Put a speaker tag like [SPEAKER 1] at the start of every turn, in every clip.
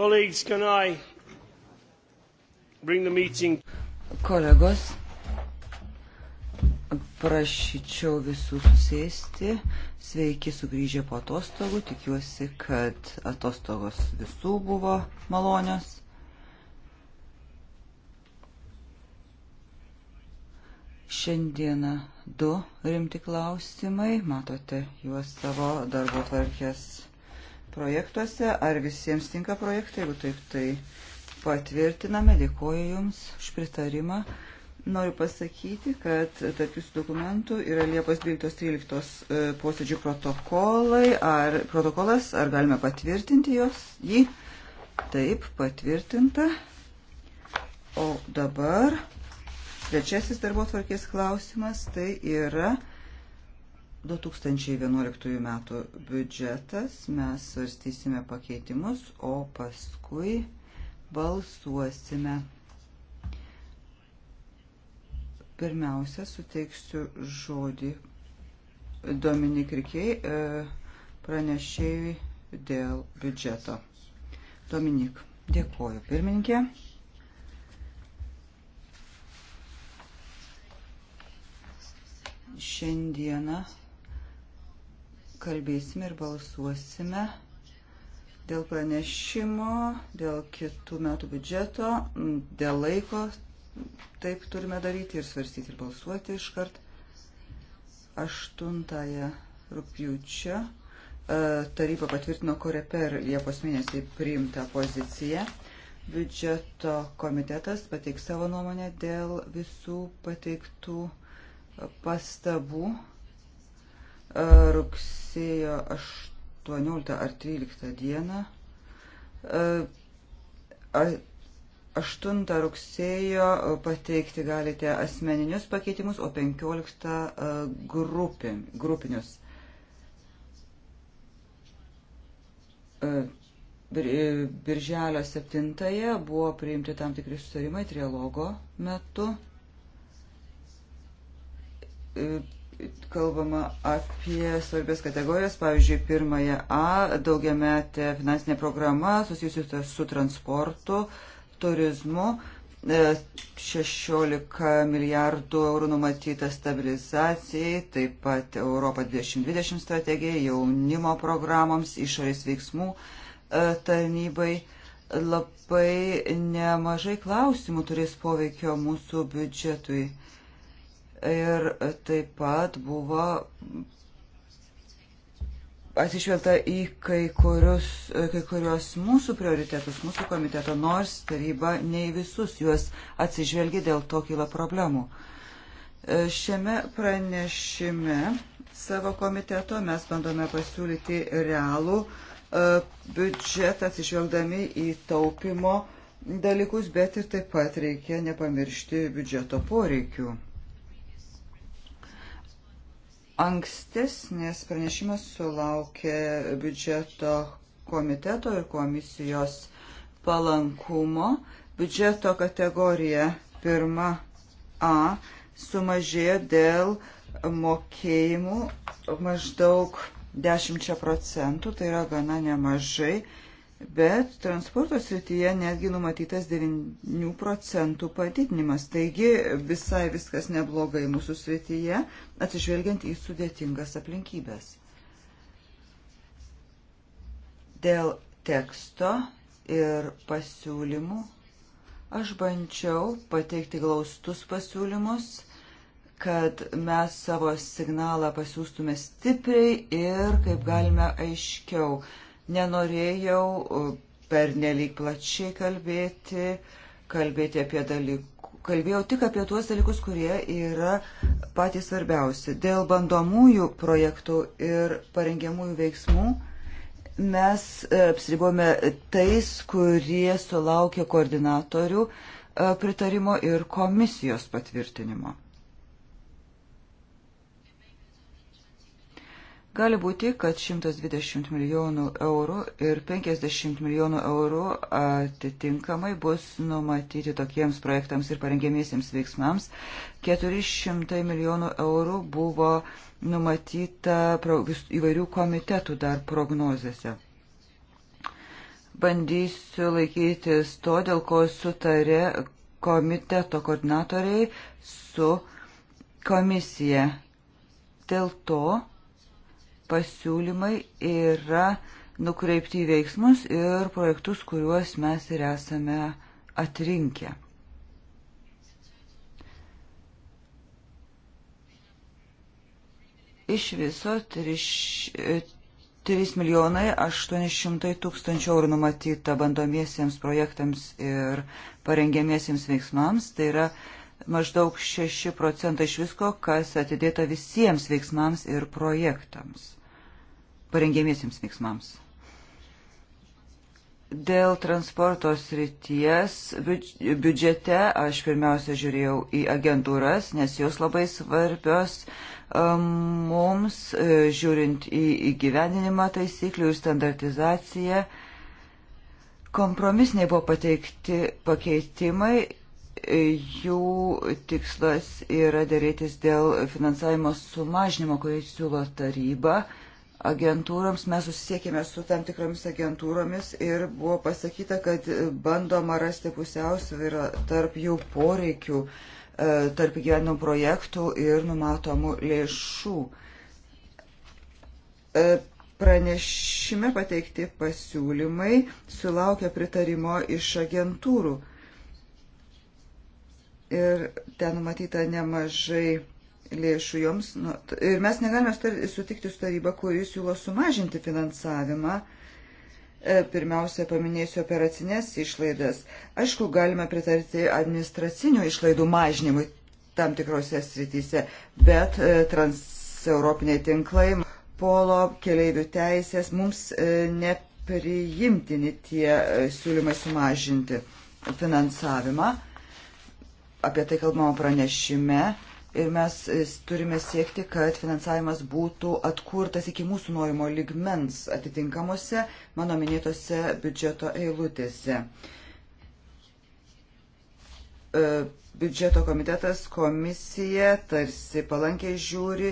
[SPEAKER 1] Colleagues, can I bring the meeting?
[SPEAKER 2] Kolegos, prašyčiau visų susėsti. Sveiki sugrįžę po atostogų. Tikiuosi, kad atostogos visų buvo malonios. Šiandieną du rimti klausimai. Matote juos savo darbo tvarkės projektuose. Ar visiems tinka projektai? Jeigu taip, tai patvirtiname. Dėkuoju Jums už pritarimą. Noriu pasakyti, kad tarp jūsų dokumentų yra Liepos 12-13 e, posėdžių protokolai. Ar protokolas, ar galime patvirtinti jos? Jį taip patvirtinta. O dabar trečiasis darbo tvarkės klausimas tai yra 2011 metų biudžetas, mes svarstysime pakeitimus, o paskui balsuosime. Pirmiausia, suteiksiu žodį Dominik Rikiai e, pranešėjui dėl biudžeto. Dominik, dėkoju pirmininkė. Šiandieną kalbėsime ir balsuosime dėl pranešimo, dėl kitų metų biudžeto, dėl laiko. Taip turime daryti ir svarstyti ir balsuoti iškart. 8 rūpjūčio e, taryba patvirtino koreper Liepos mėnesį priimtą poziciją. Biudžeto komitetas pateiks savo nuomonę dėl visų pateiktų pastabų rugsėjo 18 ar 13 dieną. 8 e, rugsėjo pateikti galite asmeninius pakeitimus, o 15 e, grupė, grupinius. E, birželio 7 buvo priimti tam tikri sustarimai trialogo metu kalbama apie svarbės kategorijas, pavyzdžiui, pirmąją A, daugiametė finansinė programa susijusi su transportu, turizmu, 16 e, milijardų eurų numatyta stabilizacijai, taip pat Europa 2020 strategija, jaunimo programoms, išorės veiksmų e, tarnybai. Labai nemažai klausimų turės poveikio mūsų biudžetui ir taip pat buvo atsižvelgta į kai, kurius, kai kurios mūsų prioritetus, mūsų komiteto, nors taryba ne į visus juos atsižvelgia, dėl to kyla problemų. E, šiame pranešime savo komiteto mes bandome pasiūlyti realų e, biudžetą atsižvelgdami į taupimo dalykus, bet ir taip pat reikia nepamiršti biudžeto poreikių. Ankstesnės pranešimas sulaukė biudžeto komiteto ir komisijos palankumo. Biudžeto kategorija 1A sumažėjo dėl mokėjimų maždaug 10 procentų, tai yra gana nemažai bet transporto srityje netgi numatytas 9 procentų padidinimas. Taigi visai viskas neblogai mūsų srityje, atsižvelgiant į sudėtingas aplinkybės. Dėl teksto ir pasiūlymų aš bandžiau pateikti glaustus pasiūlymus kad mes savo signalą pasiūstume stipriai ir kaip galime aiškiau. Nenorėjau uh, per nelik plačiai kalbėti, kalbėti apie dalykus kalbėjau tik apie tuos dalykus, kurie yra patys svarbiausi. Dėl bandomųjų projektų ir parengiamųjų veiksmų mes uh, apsiribome tais, kurie sulaukė koordinatorių uh, pritarimo ir komisijos patvirtinimo. Gali būti, kad 120 milijonų eurų ir 50 milijonų eurų atitinkamai bus numatyti tokiems projektams ir parengiamiesiems veiksmams. 400 milijonų eurų buvo numatyta įvairių komitetų dar prognozėse. Bandysiu laikytis to, dėl ko sutarė komiteto koordinatoriai su komisija. Dėl to pasiūlymai yra nukreipti į veiksmus ir projektus, kuriuos mes ir esame atrinkę. Iš viso 3, 3 milijonai 800 tūkstančių eurų numatyta bandomiesiems projektams ir parengiamiesiems veiksmams. Tai yra maždaug 6 procentai iš visko, kas atidėta visiems veiksmams ir projektams parengiamiesiems veiksmams. Dėl transporto srities biudžete aš pirmiausia žiūrėjau į agentūras, nes jos labai svarbios um, mums, e, žiūrint į įgyvendinimą taisyklių ir standartizaciją. Kompromisiniai buvo pateikti pakeitimai, e, jų tikslas yra dėrėtis dėl finansavimo sumažinimo, kurį siūlo taryba. Uh, agentūroms, mes susisiekėme su tam tikromis agentūromis ir buvo pasakyta, kad bandoma rasti pusiausvyrą tarp jų poreikių, e, tarp gyvenimų projektų ir numatomų lėšų. E, pranešime pateikti pasiūlymai sulaukia pritarimo iš agentūrų. Ir ten numatyta nemažai lėšų joms. Nu, ir mes negalime sutikti su taryba, kuris siūlo sumažinti finansavimą. E, pirmiausia, paminėsiu operacinės išlaidas. Aišku, galime pritarti administracinių išlaidų mažinimui tam tikrose srityse, bet e, transeuropiniai tinklai, polo, keleivių teisės mums e, nepriimtini tie siūlymai sumažinti finansavimą. Apie tai kalbama pranešime ir mes e, turime siekti, kad finansavimas būtų atkurtas iki mūsų norimo ligmens atitinkamuose mano minėtose biudžeto eilutėse. E, biudžeto komitetas, komisija tarsi palankiai žiūri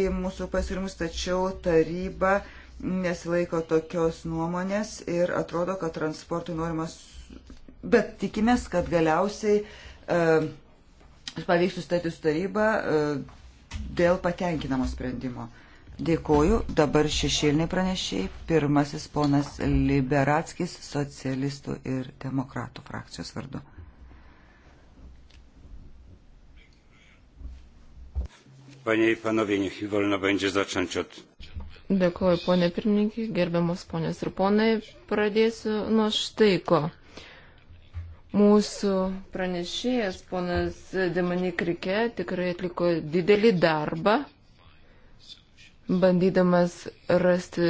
[SPEAKER 2] į mūsų pasiūlymus, tačiau taryba nesilaiko tokios nuomonės ir atrodo, kad transportui norimas, bet tikimės, kad galiausiai uh, pavyks sustatyti sutarybą e, dėl patenkinamo sprendimo. Dėkoju. Dabar šešėliniai pranešiai. Pirmasis ponas Liberatskis, socialistų ir demokratų frakcijos vardu. Panie i panowie, niech mi wolno będzie zacząć od.
[SPEAKER 3] Dėkoju, ponė pirmininkė, gerbiamos ponės ir ponai. Pradėsiu nuo štai ko. Mūsų pranešėjas, ponas Demanik Rike, tikrai atliko didelį darbą, bandydamas rasti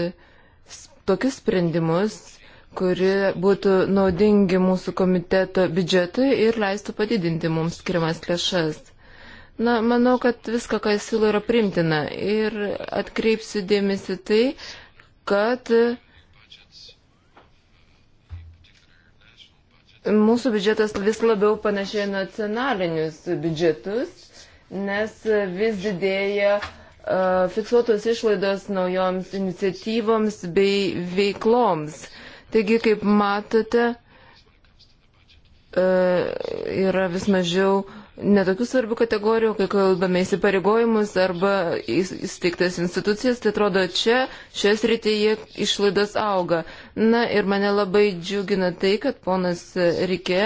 [SPEAKER 3] tokius sprendimus, kuri būtų naudingi mūsų komiteto biudžetui ir leistų padidinti mums skirimas lėšas. Na, manau, kad viską, ką jis siūlo, yra primtina ir atkreipsiu dėmesį tai, kad uh, Mūsų biudžetas vis labiau panašėja nacionalinius biudžetus, nes vis didėja uh, fiksuotos išlaidos naujoms iniciatyvoms bei veikloms. Taigi, kaip matote, uh, yra vis mažiau uh, netokių svarbių kategorijų, kai kalbame įsipareigojimus arba įsteigtas institucijas, tai atrodo čia, šioje srityje išlaidos auga. Na ir mane labai džiugina tai, kad ponas Rike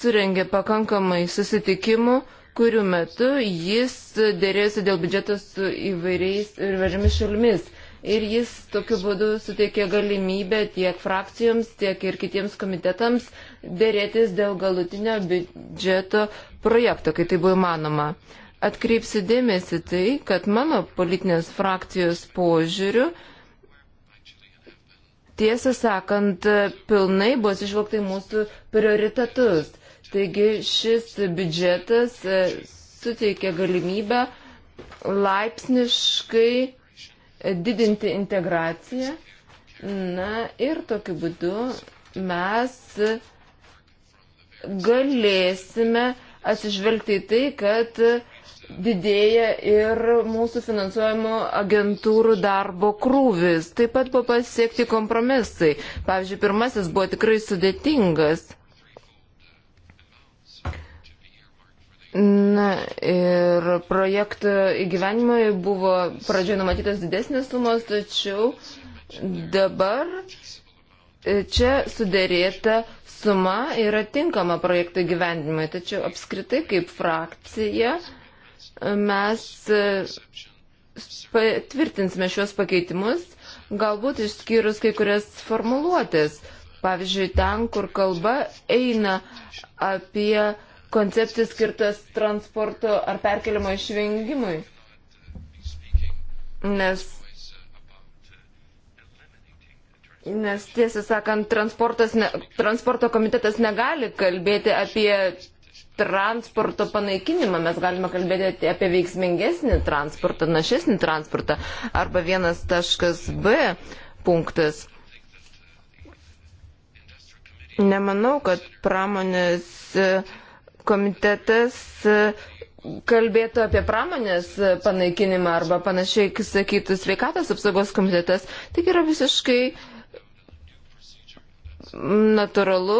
[SPEAKER 3] surengė pakankamai susitikimų, kurių metu jis dėrėsi dėl biudžeto su įvairiais ir vežiomis šalimis ir jis tokiu būdu suteikė galimybę tiek frakcijoms, tiek ir kitiems komitetams dėrėtis dėl galutinio biudžeto projekto, kai tai buvo įmanoma. Atkreipsiu dėmesį tai, kad mano politinės frakcijos požiūriu, tiesą sakant, pilnai bus išvoktai mūsų prioritetus. Taigi šis biudžetas e, suteikia galimybę laipsniškai e, didinti integraciją. Na ir tokiu būdu mes galėsime atsižvelgti į tai, kad didėja ir mūsų finansuojamo agentūrų darbo krūvis. Taip pat buvo pasiekti kompromisai. Pavyzdžiui, pirmasis buvo tikrai sudėtingas. Na ir projektų įgyvenimai buvo pradžioje numatytas didesnės sumos, tačiau dabar čia sudėrėta suma yra tinkama projektų gyvendimui, tačiau apskritai kaip frakcija e, mes e, tvirtinsime šios pakeitimus, galbūt išskyrus kai kurias formuluotės. Pavyzdžiui, ten, kur kalba eina apie koncepcijas skirtas transporto ar perkelimo išvengimui. Nes Nes tiesą sakant, ne, transporto komitetas negali kalbėti apie transporto panaikinimą, mes galime kalbėti apie veiksmingesnį transportą, našesnį transportą arba vienas taškas B punktas. Nemanau, kad pramonės e, komitetas e, kalbėtų apie pramonės panaikinimą arba panašiai sakytų sveikatos apsaugos komitetas, tik yra visiškai uh, natūralu,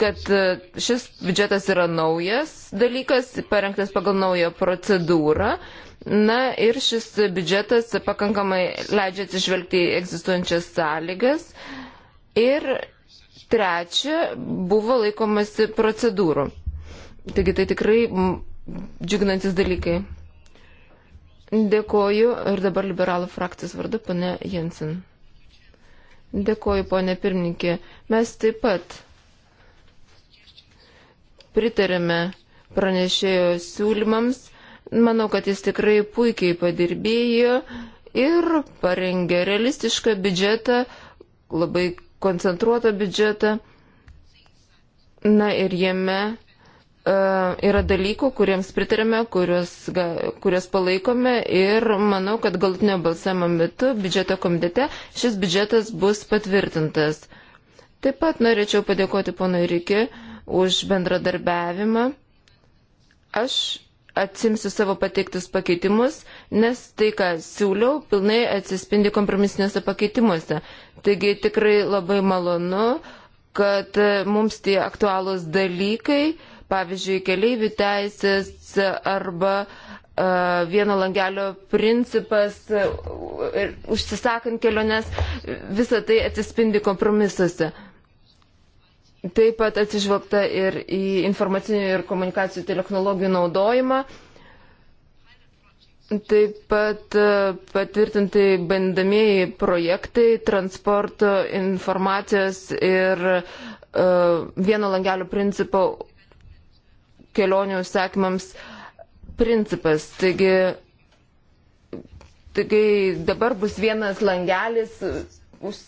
[SPEAKER 3] kad e, šis biudžetas yra naujas dalykas, parengtas pagal naują procedūrą. Na ir šis biudžetas pakankamai leidžia atsižvelgti į egzistuojančias sąlygas. Ir trečia, buvo laikomasi procedūrų. Taigi tai tikrai džiuginantis dalykai. Dėkoju ir dabar liberalų frakcijos vardu, pane Jensen. Dėkoju, ponė pirmininkė. Mes taip pat pritarėme pranešėjo siūlymams. Manau, kad jis tikrai puikiai padirbėjo ir parengė realistišką biudžetą, labai koncentruotą biudžetą. Na ir jame E, yra dalykų, kuriems pritarėme, kurios, kurios palaikome ir manau, kad galutinio balsavimo metu biudžeto komitete šis biudžetas bus patvirtintas. Taip pat norėčiau padėkoti ponui Riki už bendradarbiavimą. Aš atsimsiu savo pateiktus pakeitimus, nes tai, ką siūliau, pilnai atsispindi kompromisinėse pakeitimuose. Taigi tikrai labai malonu, kad mums tie aktualūs dalykai uh, pavyzdžiui, keleivių teisės arba e, vieno langelio principas, e, užsisakant keliones, visa tai atsispindi kompromisuose. Taip pat atsižvelgta ir į informacinių ir komunikacijų technologijų naudojimą. Taip pat e, patvirtinti bandamieji projektai transporto informacijos ir uh, vieno langelio principo kelionių užsakymams principas. Taigi, taigi dabar bus vienas langelis už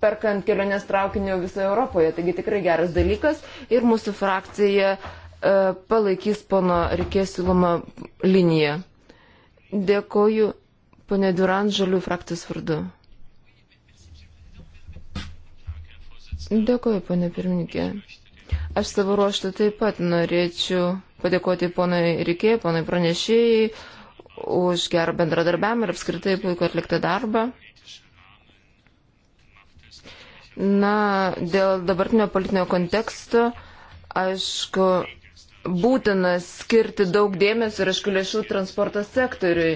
[SPEAKER 3] perkant keliones traukiniu visoje Europoje. Taigi tikrai geras dalykas ir mūsų frakcija e, palaikys pono reikės siūlomą liniją. Dėkoju ponė Duran žalių frakcijos vardu. Dėkoju, ponė pirmininkė. Aš savo ruoštų taip pat norėčiau padėkoti ponai Rikė, ponai pranešėjai už gerą bendradarbiavimą ir apskritai puikų atliktą darbą. Na, dėl dabartinio politinio konteksto, aišku, būtina skirti daug dėmesio ir, aišku, lėšų transporto sektoriui.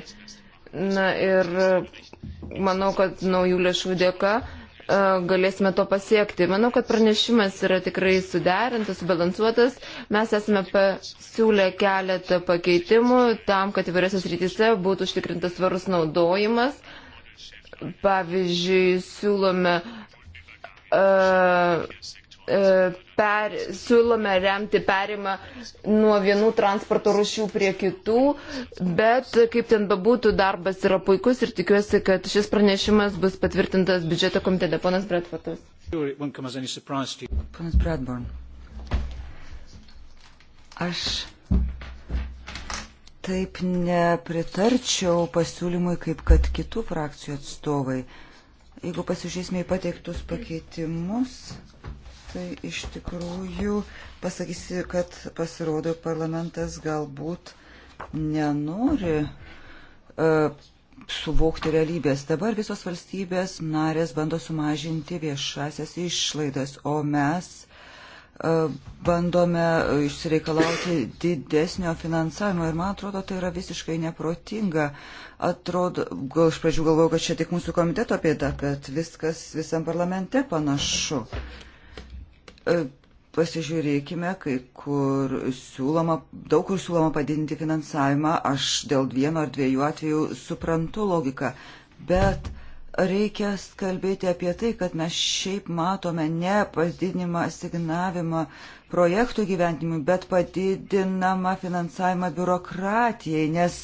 [SPEAKER 3] Na ir manau, kad naujų lėšų dėka E, galėsime to pasiekti. Manau, kad pranešimas yra tikrai suderintas, subalansuotas. Mes esame pasiūlę keletą pakeitimų tam, kad įvairiose srityse būtų užtikrintas svarus naudojimas. Pavyzdžiui, siūlome uh, E, per, siūlome remti perimą nuo vienų transporto rušių prie kitų, bet kaip ten bebūtų, darbas yra puikus ir tikiuosi, kad šis pranešimas bus patvirtintas biudžeto komitete. Ponas Bradfordas.
[SPEAKER 2] Ponas Bradburn. Aš taip nepritarčiau pasiūlymui, kaip kad kitų frakcijų atstovai. Jeigu pasižiūrėsime į pateiktus pakeitimus, tai iš tikrųjų pasakysi, kad pasirodo parlamentas galbūt nenori uh, suvokti realybės. Dabar visos valstybės narės bando sumažinti viešasias išlaidas, o mes uh, bandome išsireikalauti didesnio finansavimo ir man atrodo, tai yra visiškai neprotinga. Atrodo, gal iš pradžių galvojau, kad čia tik mūsų komiteto pėda, bet viskas visam parlamente panašu. Uh, E, pasižiūrėkime, kai kur siūloma, daug kur siūloma padidinti finansavimą, aš dėl vieno ar dviejų atvejų suprantu logiką, bet reikia kalbėti apie tai, kad mes šiaip matome ne padidinimą asignavimą projektų gyventimui, bet padidinamą finansavimą biurokratijai, nes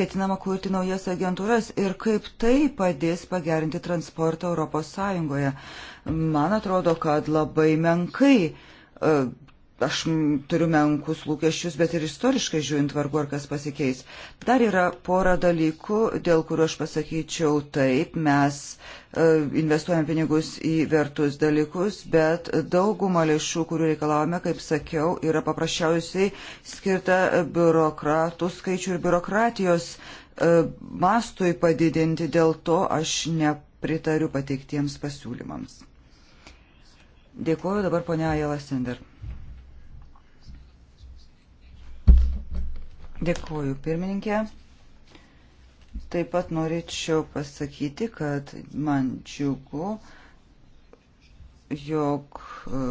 [SPEAKER 2] ketinama kurti naujas agentūras ir kaip tai padės pagerinti transportą Europos Sąjungoje man atrodo, kad labai menkai. E, aš turiu menkus lūkesčius, bet ir istoriškai žiūrint vargu ar kas pasikeis. Dar yra pora dalykų, dėl kurių aš pasakyčiau taip, mes e, investuojam pinigus į vertus dalykus, bet dauguma lėšų, kurių reikalavome, kaip sakiau, yra paprasčiausiai skirta biurokratų skaičių ir biurokratijos e, mastui padidinti, dėl to aš nepritariu pateiktiems pasiūlymams. Dėkuoju dabar ponia Ajala Sender. Dėkuoju pirmininkė. Taip pat norėčiau pasakyti, kad man džiugu, jog e,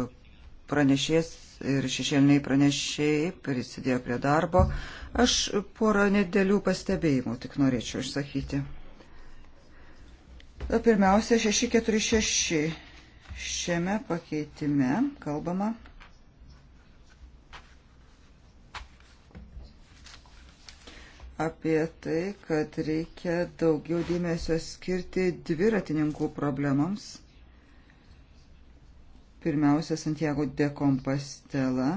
[SPEAKER 2] pranešės ir šešėliniai pranešėjai prisidėjo prie darbo. Aš porą nedėlių pastebėjimų tik norėčiau išsakyti. Pirmiausia, 646 Šiame pakeitime kalbama apie tai, kad reikia daugiau dėmesio skirti dviratininkų problemams. Pirmiausia, Santiago de Compostela.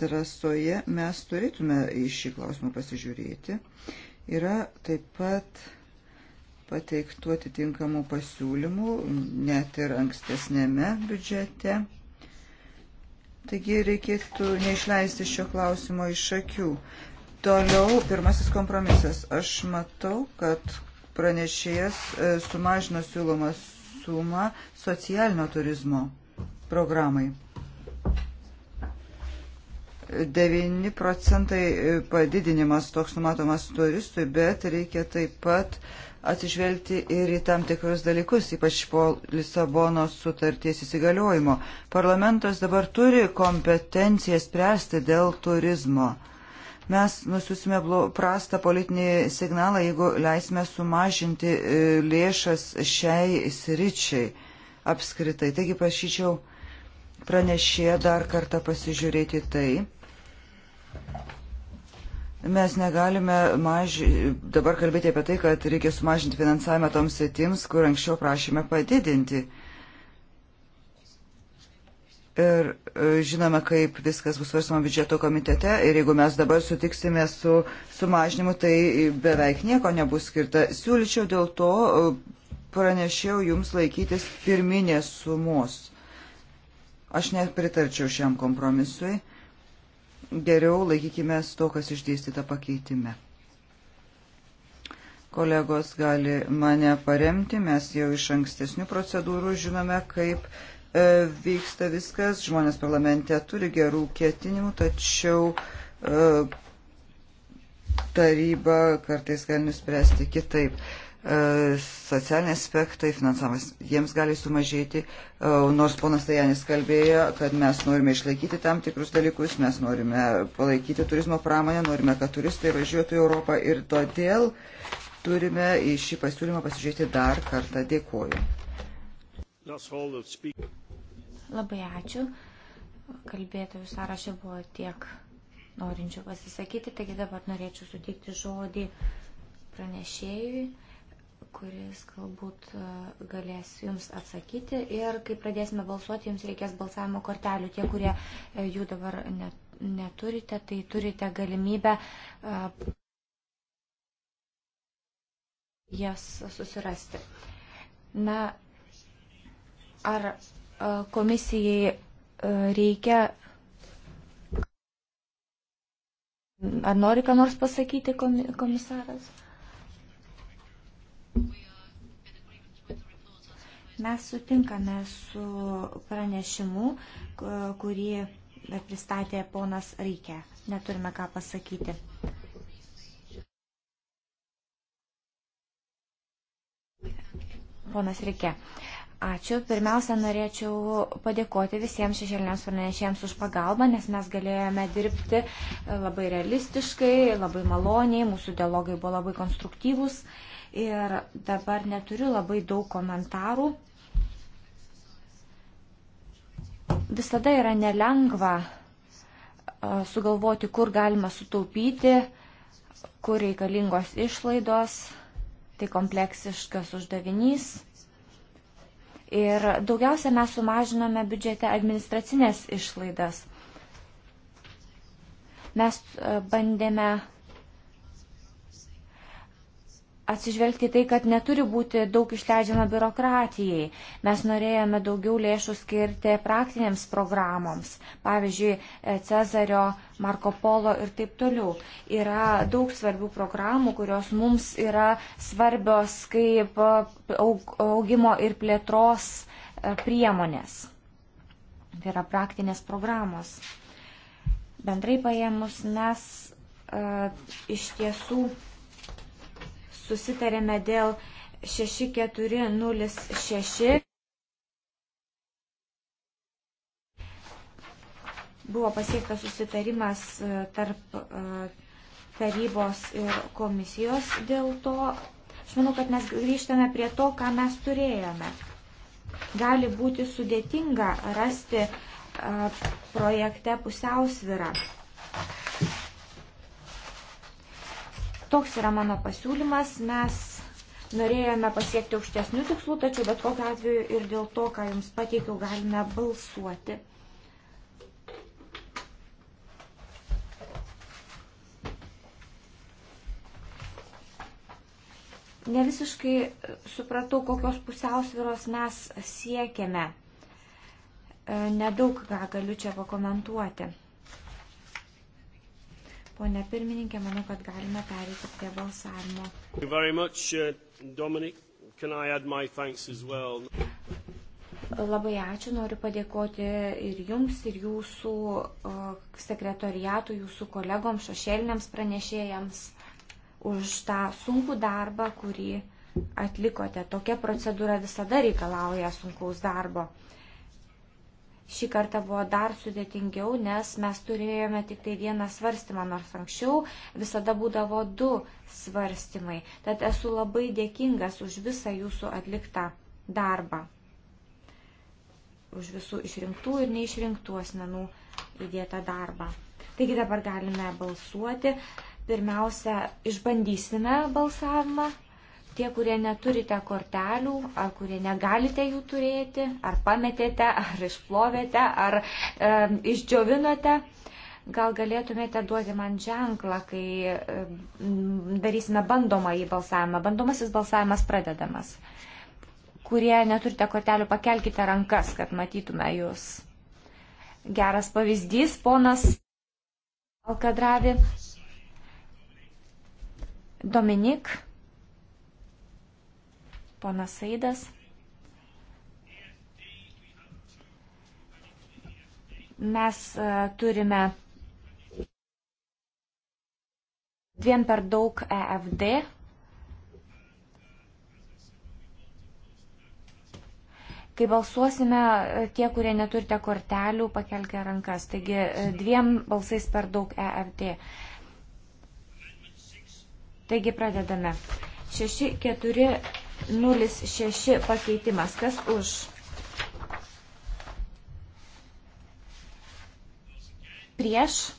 [SPEAKER 2] Trasoje mes turėtume į šį klausimą pasižiūrėti. Yra taip pat pateiktų atitinkamų pasiūlymų, net ir ankstesnėme biudžete. Taigi reikėtų neišleisti šio klausimo iš akių. Toliau pirmasis kompromisas. Aš matau, kad pranešėjas e, sumažino siūlomą sumą socialinio turizmo programai. 9 procentai padidinimas toks numatomas turistui, bet reikia taip pat uh, atsižvelgti ir į tam tikrus dalykus, ypač po Lisabonos sutarties įsigaliojimo. Parlamentas dabar turi kompetenciją spręsti dėl turizmo. Mes nusiusime prastą politinį signalą, jeigu leisime sumažinti e, lėšas šiai sričiai apskritai. Taigi prašyčiau pranešė dar kartą pasižiūrėti tai Mes negalime maži... dabar kalbėti apie tai, kad reikia sumažinti finansavimą toms sritims, kur anksčiau prašėme padidinti. Ir e, žinome, kaip viskas bus svarstama biudžeto komitete. Ir jeigu mes dabar sutiksime su sumažinimu, tai beveik nieko nebus skirta. Siūlyčiau dėl to e, pranešiau jums laikytis pirminės sumos. Aš nepritarčiau šiam kompromisui geriau laikykime to, kas išdėstyta pakeitime. Kolegos gali mane paremti, mes jau iš ankstesnių procedūrų žinome, kaip e, vyksta viskas. Žmonės parlamente turi gerų ketinimų, tačiau e, taryba kartais gali nuspręsti kitaip. E, E, socialiniai aspektai, finansavimas, jiems gali sumažėti, e, nors ponas Tajanis kalbėjo, kad mes norime išlaikyti tam tikrus dalykus, mes norime palaikyti turizmo pramonę, norime, kad turistai važiuotų į Europą ir todėl turime į šį pasiūlymą pasižiūrėti dar kartą. Dėkuoju.
[SPEAKER 1] Labai ačiū. Kalbėtojų sąraše buvo tiek norinčių pasisakyti, taigi dabar norėčiau suteikti žodį pranešėjui kuris galbūt e, galės jums atsakyti. Ir kai pradėsime balsuoti, jums reikės balsavimo kortelių. Tie, kurie e, jų dabar net, neturite, tai turite galimybę e, jas susirasti. Na, ar komisijai reikia. Ar nori ką nors pasakyti komisaras? Mes sutinkame su pranešimu, kurį pristatė ponas Rykė. Neturime ką pasakyti. Ponas Rykė. Ačiū. Pirmiausia, norėčiau padėkoti visiems šešėliniams pranešėjams už pagalbą, nes mes galėjome dirbti e, labai realistiškai, labai maloniai, mūsų dialogai buvo labai konstruktyvūs ir dabar neturiu labai daug komentarų. Visada yra nelengva sugalvoti, kur galima sutaupyti, kur reikalingos išlaidos, tai kompleksiškas uždavinys. Ir daugiausia mes sumažinome biudžete administracinės išlaidas. Mes bandėme atsižvelgti tai, kad neturi būti daug išleidžiama biurokratijai. Mes norėjome daugiau lėšų skirti praktinėms programoms, pavyzdžiui, e, Cezario, Marko Polo ir taip toliau. Yra daug svarbių programų, kurios mums yra svarbios kaip e, augimo ir plėtros e, priemonės. Tai yra praktinės programos. Bendrai paėmus mes uh, iš tiesų uh, susitarėme dėl 6406. Buvo pasiektas susitarimas e, tarp e, tarybos ir komisijos dėl to. Aš manau, kad mes grįžtame prie to, ką mes turėjome. Gali būti sudėtinga rasti e, projekte pusiausvyrą. Toks yra mano pasiūlymas. Mes norėjome pasiekti aukštesnių tikslų, tačiau bet kokiu atveju ir dėl to, ką jums pateikiau, galime balsuoti. Ne visiškai supratau, kokios pusiausviros mes siekiame. E, nedaug ką galiu čia pakomentuoti. Pone pirmininkė, manau, kad galime pereiti prie balsavimo. Much, uh, Dominic. Well? Labai ačiū, noriu padėkoti ir jums, ir jūsų uh, sekretoriatų, jūsų kolegoms, šešėliniams pranešėjams už tą sunkų darbą, kurį atlikote. Tokia procedūra visada reikalauja sunkaus darbo šį kartą buvo dar sudėtingiau, nes mes turėjome tik tai vieną svarstymą, nors anksčiau visada būdavo du svarstymai. Tad esu labai dėkingas už visą jūsų atliktą darbą, už visų išrinktų ir neišrinktų asmenų įdėtą darbą. Taigi dabar galime balsuoti. Pirmiausia, išbandysime balsavimą Tie, kurie neturite kortelių, ar kurie negalite jų turėti, ar pametėte, ar išplovėte, ar e, išdžiovinote, gal galėtumėte duoti man ženklą, kai e, darysime bandomąjį balsavimą. Bandomasis balsavimas pradedamas. Kurie neturite kortelių, pakelkite rankas, kad matytume jūs. Geras pavyzdys, ponas Alkadravi. Dominik ponas Saidas. Mes e, turime dviem per daug EFD. Kai balsuosime, e, tie, kurie neturite kortelių, pakelkite rankas. Taigi e, dviem balsais per daug EFD. Taigi pradedame. 6, 4, 06 pakeitimas. Kas už? Prieš?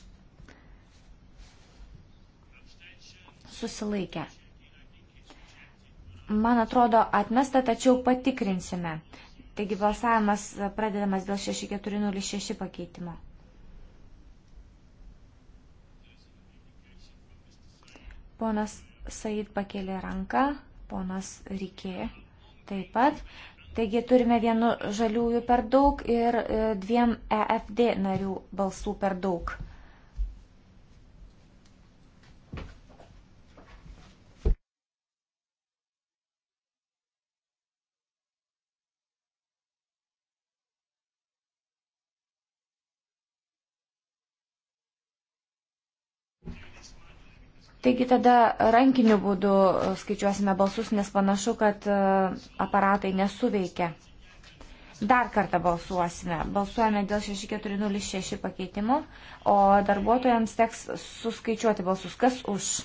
[SPEAKER 1] Susilaikę. Man atrodo atmesta, tačiau patikrinsime. Taigi balsavimas pradedamas dėl 6406 pakeitimo. Ponas Said pakėlė ranką ponas Rikė taip pat. Taigi turime vienu žaliųjų per daug ir e, dviem EFD narių balsų per daug. Taigi tada rankiniu būdu e, skaičiuosime balsus, nes panašu, kad e, aparatai nesuveikia. Dar kartą balsuosime. Balsuojame dėl 6406 pakeitimų, o darbuotojams teks suskaičiuoti balsus. Kas už?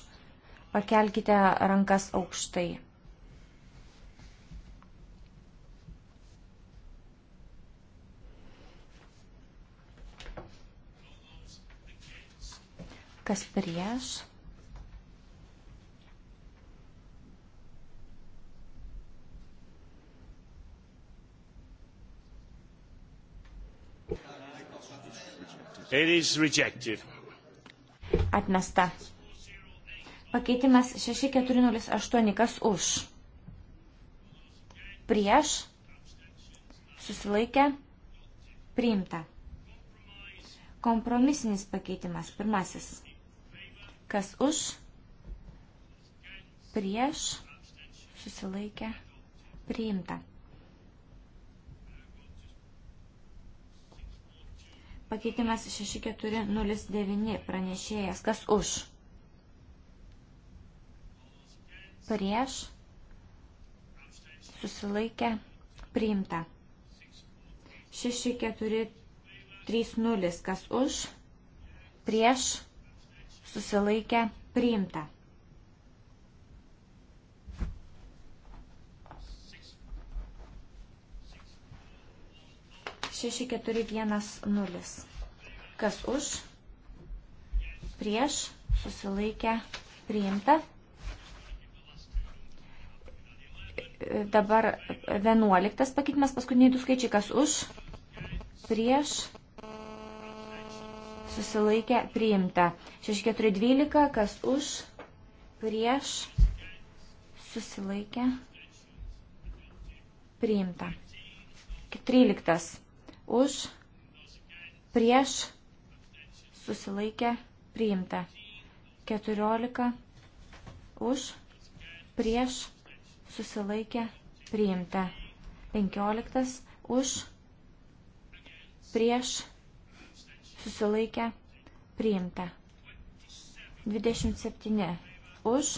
[SPEAKER 1] Pakelkite rankas aukštai. Kas prieš?
[SPEAKER 2] It is rejected.
[SPEAKER 1] Atmesta. Pakeitimas 6408, kas už? Prieš? Susilaikę? Priimta. Kompromisinis pakeitimas, pirmasis. Kas už? Prieš? Susilaikę? Priimta. Pakeitimas 6409 pranešėjas. Kas už? Prieš. Susilaikė. Priimta. 6430. Kas už? Prieš. Susilaikė. Priimta. 6410. Kas už? Prieš susilaikę priimta. Dabar 11 pakeitimas, paskutiniai du skaičiai, kas už, prieš, susilaikę, priimta. 6412, kas už, prieš, susilaikę, priimta. 13 už, prieš, susilaikė, priimta. 14 už, prieš, susilaikė, priimta. 15 už, prieš, susilaikė, priimta. 27 už,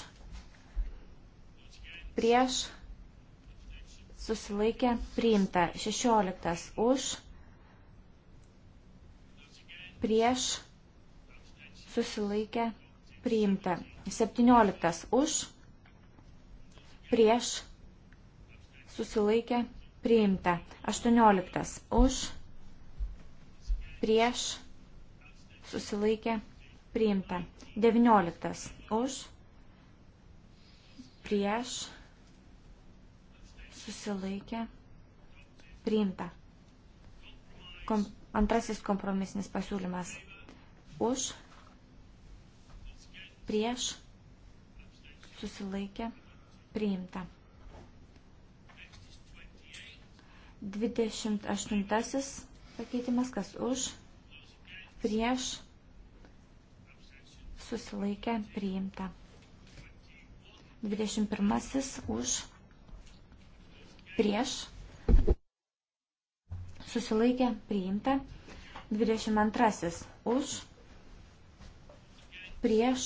[SPEAKER 1] prieš, susilaikė, priimta. 16 už, prieš susilaikę priimta. 17 už prieš susilaikę priimta. 18 už prieš susilaikę priimta. 19 už prieš susilaikę priimta. Kompromisas Antrasis kompromisinis pasiūlymas. Už, prieš, susilaikė, priimta. 28 pakeitimas, kas už, prieš, susilaikė, priimta. 21 už, prieš, susilaikė priimta. 22 už, prieš,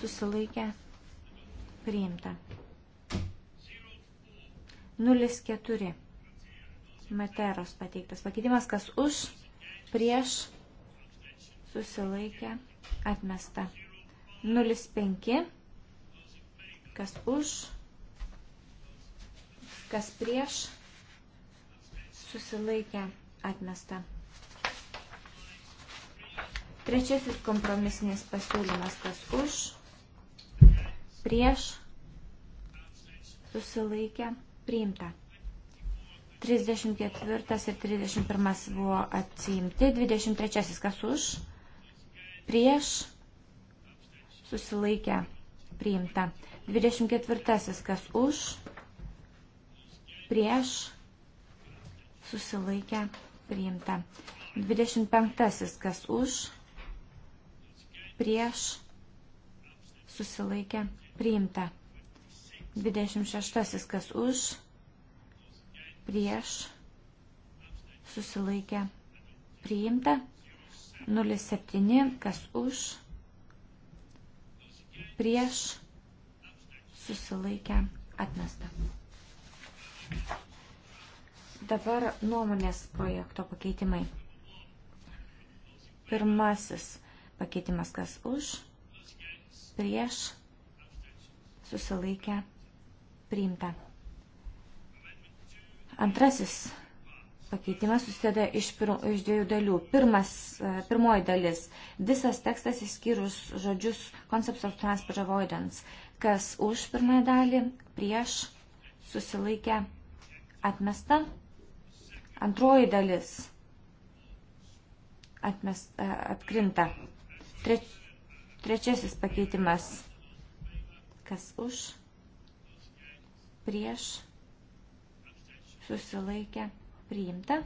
[SPEAKER 1] susilaikė priimta. 04 materos pateiktas pakeitimas, kas už, prieš, susilaikė atmesta. 05 kas už, kas prieš, susilaikę atmesta. Trečiasis kompromisinis pasiūlymas, kas už, prieš, susilaikę, priimta. 34 ir 31 buvo atsiimti, 23 kas už, prieš, susilaikę, priimta. 24 kas už, prieš, susilaikę priimta. 25. Kas už, prieš, susilaikę priimta. 26. Kas už, prieš, susilaikę priimta. 07. Kas už, prieš, susilaikę atmesta. Thank you. Dabar nuomonės projekto pakeitimai. Pirmasis pakeitimas kas už, prieš, susilaikę, priimta. Antrasis pakeitimas susideda iš, pir, iš dviejų dalių. Pirmas, e, pirmoji dalis - visas tekstas įskyrus žodžius Concepts of Transport Avoidance. Kas už pirmąją dalį, prieš, susilaikę, atmesta. Antroji dalis atmes, e, atkrinta. Tre, trečiasis pakeitimas. Kas už, prieš, susilaikę, priimta.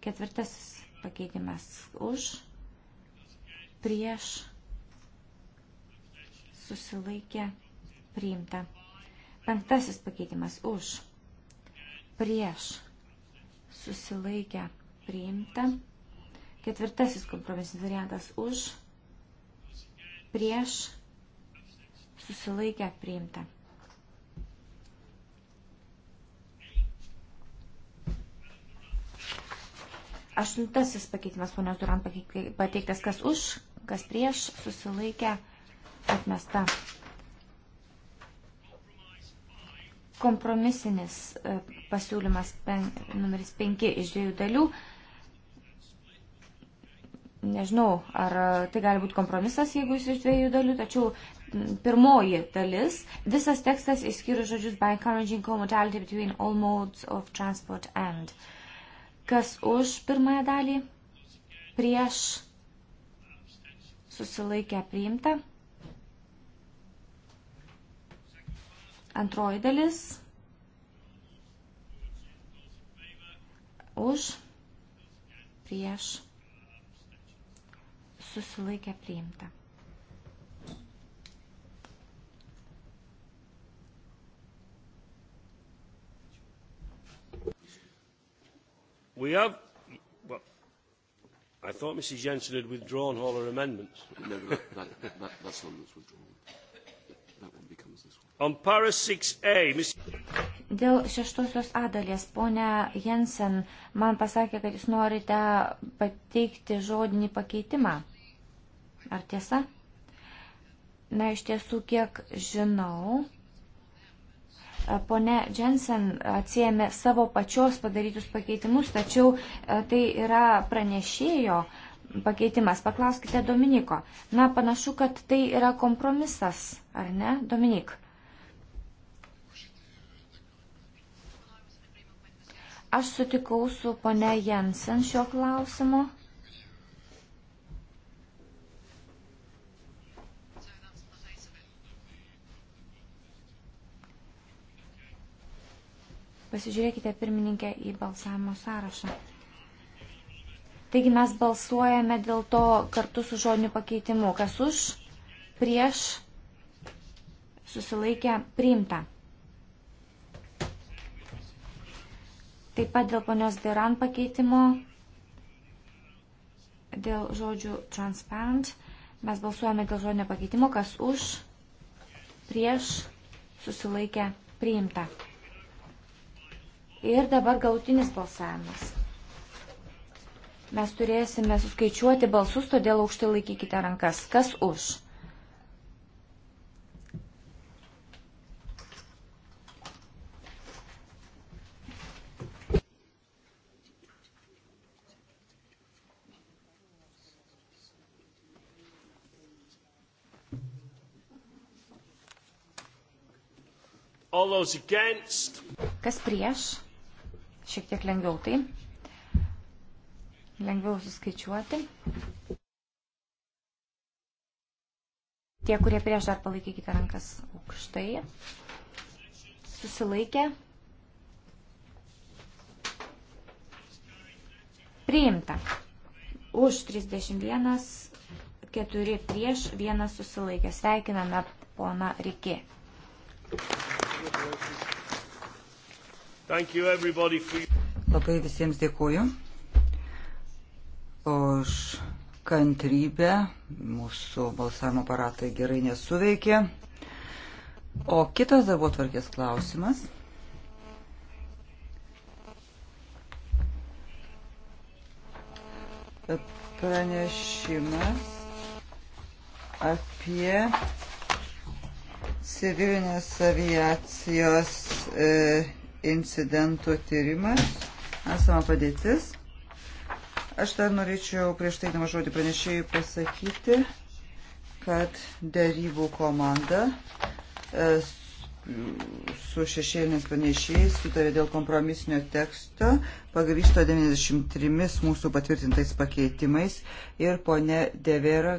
[SPEAKER 1] Ketvirtasis pakeitimas už, prieš, susilaikę, priimta. Penktasis pakeitimas už, prieš, susilaikę priimta. Ketvirtasis kompromisinis variantas už, prieš, susilaikę priimta. Aštuntasis pakeitimas, ponios Durant, pateiktas kas už, kas prieš, susilaikę atmesta. Kompromisinis e, pasiūlymas pen, numeris 5 iš dviejų dalių. Nežinau, ar e, tai gali būti kompromisas, jeigu jis iš dviejų dalių, tačiau pirmoji dalis, visas tekstas išskyrus žodžius by encouraging co-modality between all modes of transport and. Kas už pirmąją dalį, prieš susilaikę priimta, Antroji dalis. Už, prieš, susilaikę priimta. We have. Well, I thought Mrs. Jensen had withdrawn all her amendments. No, no, that, that, that's one that's withdrawn. Dėl šeštosios A dalies, ponia Jensen, man pasakė, kad jūs norite pateikti žodinį pakeitimą. Ar tiesa? Na, iš tiesų, kiek žinau, e, ponia Jensen atsijėmė savo pačios padarytus pakeitimus, tačiau e, tai yra pranešėjo pakeitimas. Paklauskite Dominiko. Na, panašu, kad tai yra kompromisas, ar ne, Dominik? Aš sutikau su pane Jensen šio klausimu. Pasižiūrėkite pirmininkę į balsavimo sąrašą. Taigi mes balsuojame dėl to kartu su žodiniu pakeitimu. Kas už, prieš, susilaikę, priimta. Taip pat dėl ponios Diran pakeitimo, dėl žodžių transparent, mes balsuojame dėl žodinio pakeitimo, kas už, prieš, susilaikę, priimta. Ir dabar gautinis balsavimas. Mes turėsime suskaičiuoti balsus, todėl aukštai laikykite rankas. Kas už? Kas prieš? Šiek tiek lengviau tai. Lengviau suskaičiuoti. Tie, kurie prieš dar palaikykite rankas aukštai. Susilaikė. Priimta. Už 31, 4 prieš, 1 susilaikė. Sveikiname pona Rikė. Thank you. Labai
[SPEAKER 2] visiems dėkuoju už kantrybę. Mūsų balsavimo aparatai gerai nesuveikė. O kitas darbo tvarkės klausimas. Pranešimas apie civilinės aviacijos e, incidentų tyrimas, esama padėtis. Aš dar norėčiau prieš tai namą žodį pranešėjai pasakyti, kad darybų komanda e, su šešėlinės panešėjais sutarė dėl kompromisinio teksto pagrįsto 93 mūsų patvirtintais pakeitimais ir ponė Devera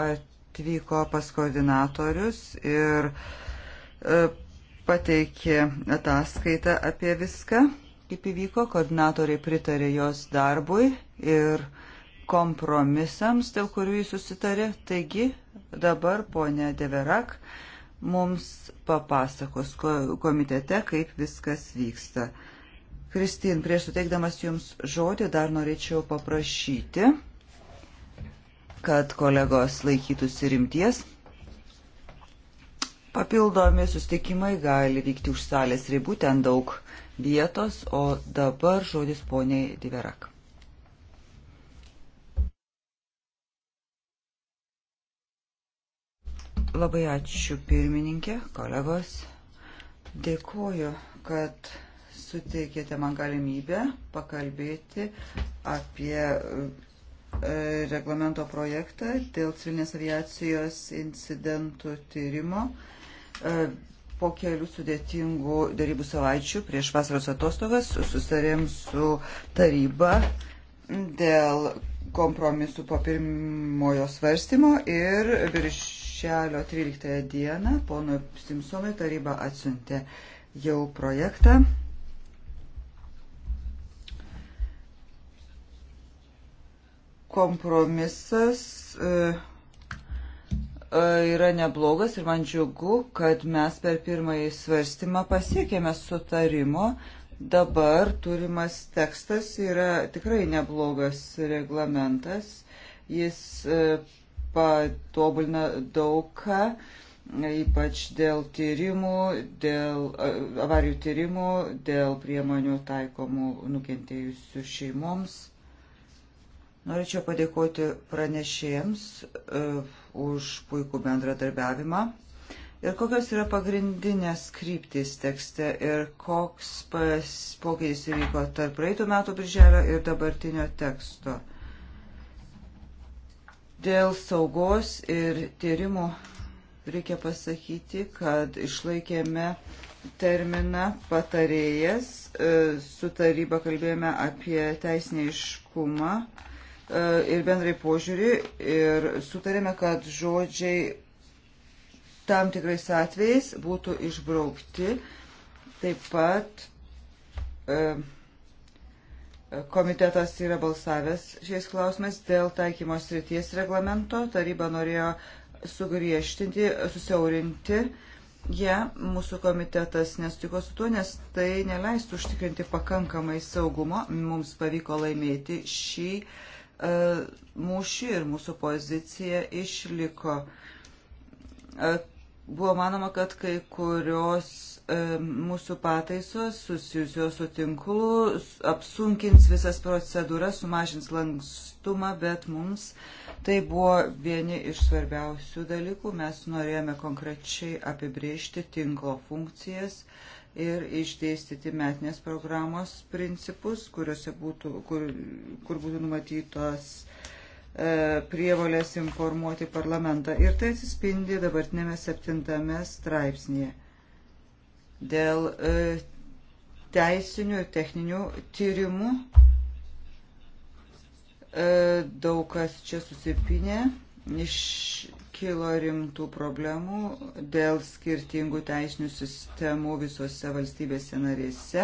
[SPEAKER 2] at atvyko pas koordinatorius ir e, pateikė ataskaitą apie viską, kaip įvyko. Koordinatoriai pritarė jos darbui ir kompromisams, dėl kurių jis susitarė. Taigi dabar ponė Deverak mums papasakos komitete, kaip viskas vyksta. Kristin, prieš suteikdamas Jums žodį dar norėčiau paprašyti kad kolegos laikytųsi rimties. Papildomi sustikimai gali vykti už salės ribų, ten daug vietos, o dabar žodis poniai Diverak. Labai ačiū pirmininkė, kolegos. Dėkuoju, kad suteikėte man galimybę pakalbėti apie reglamento projektą dėl civilinės aviacijos incidentų tyrimo e, po kelių sudėtingų darybų savaičių prieš vasaros atostogas susitarėm su taryba dėl kompromisų po pirmojo svarstymo ir viršelio 13 dieną pono Simpsonui taryba atsiuntė jau projektą kompromisas e, e, yra neblogas ir man džiugu, kad mes per pirmąjį svarstymą pasiekėme sutarimo. Dabar turimas tekstas yra tikrai neblogas reglamentas. Jis e, patobulina daugą, ypač dėl tyrimų, dėl avarijų tyrimų, dėl priemonių taikomų nukentėjusių šeimoms Norėčiau padėkoti pranešėjams uh, už puikų bendradarbiavimą. Ir kokios yra pagrindinės kryptys tekste ir koks pokytis įvyko tarp praeitų metų birželio ir dabartinio teksto. Dėl saugos ir tyrimų reikia pasakyti, kad išlaikėme terminą patarėjas, e, su taryba kalbėjome apie teisinį iškumą. E, ir bendrai požiūrį ir sutarėme, kad žodžiai tam tikrais atvejais būtų išbraukti. Taip pat e, komitetas yra balsavęs šiais klausimais dėl taikymo srities reglamento. Taryba norėjo sugriežtinti, susiaurinti ją. Ja, mūsų komitetas nesutiko su tuo, nes tai neleistų užtikrinti pakankamai saugumo. Mums pavyko laimėti šį uh, E, mūšį ir mūsų pozicija išliko. E, buvo manoma, kad kai kurios e, mūsų pataisos susijusios su tinklu apsunkins visas procedūras, sumažins lankstumą, bet mums tai buvo vieni iš svarbiausių dalykų. Mes norėjome konkrečiai apibriežti tinklo funkcijas, uh, ir išdėstyti metinės programos principus, būtų, kur, kur būtų numatytos e, prievolės informuoti parlamentą. Ir tai atsispindi dabartinėme septintame straipsnėje dėl e, teisinių ir techninių tyrimų. E, daug kas čia susipinė. Iš kilo rimtų problemų dėl skirtingų teisinių sistemų visose valstybėse narėse,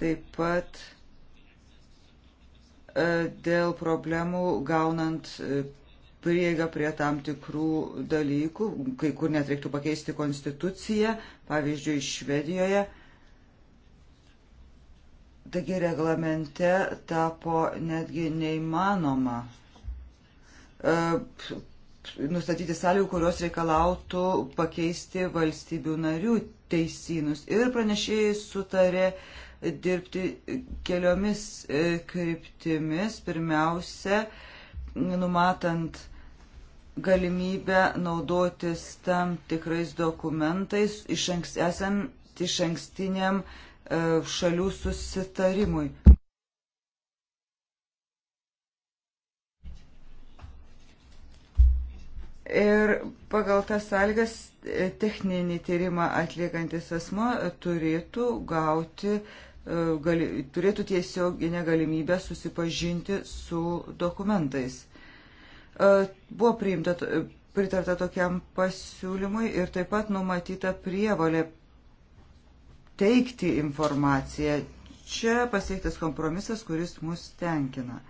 [SPEAKER 2] taip pat e, dėl problemų gaunant e, prieigą prie tam tikrų dalykų, kai kur net reiktų pakeisti konstituciją, pavyzdžiui, Švedijoje. Taigi reglamente tapo netgi neįmanoma e, nustatyti sąlygų, kurios reikalautų pakeisti valstybių narių teisynus. Ir pranešėjai sutarė dirbti keliomis e, kryptimis. Pirmiausia, numatant galimybę naudotis tam tikrais dokumentais iš anks, esant iš ankstiniam e, šalių susitarimui. Ir pagal tas sąlygas e, techninį tyrimą atliekantis asmo turėtų gauti, e, gali, turėtų tiesioginę galimybę susipažinti su dokumentais. E, buvo priimta, pritarta tokiam pasiūlymui ir taip pat numatyta prievalė teikti informaciją. Čia pasiektas kompromisas, kuris mus tenkina.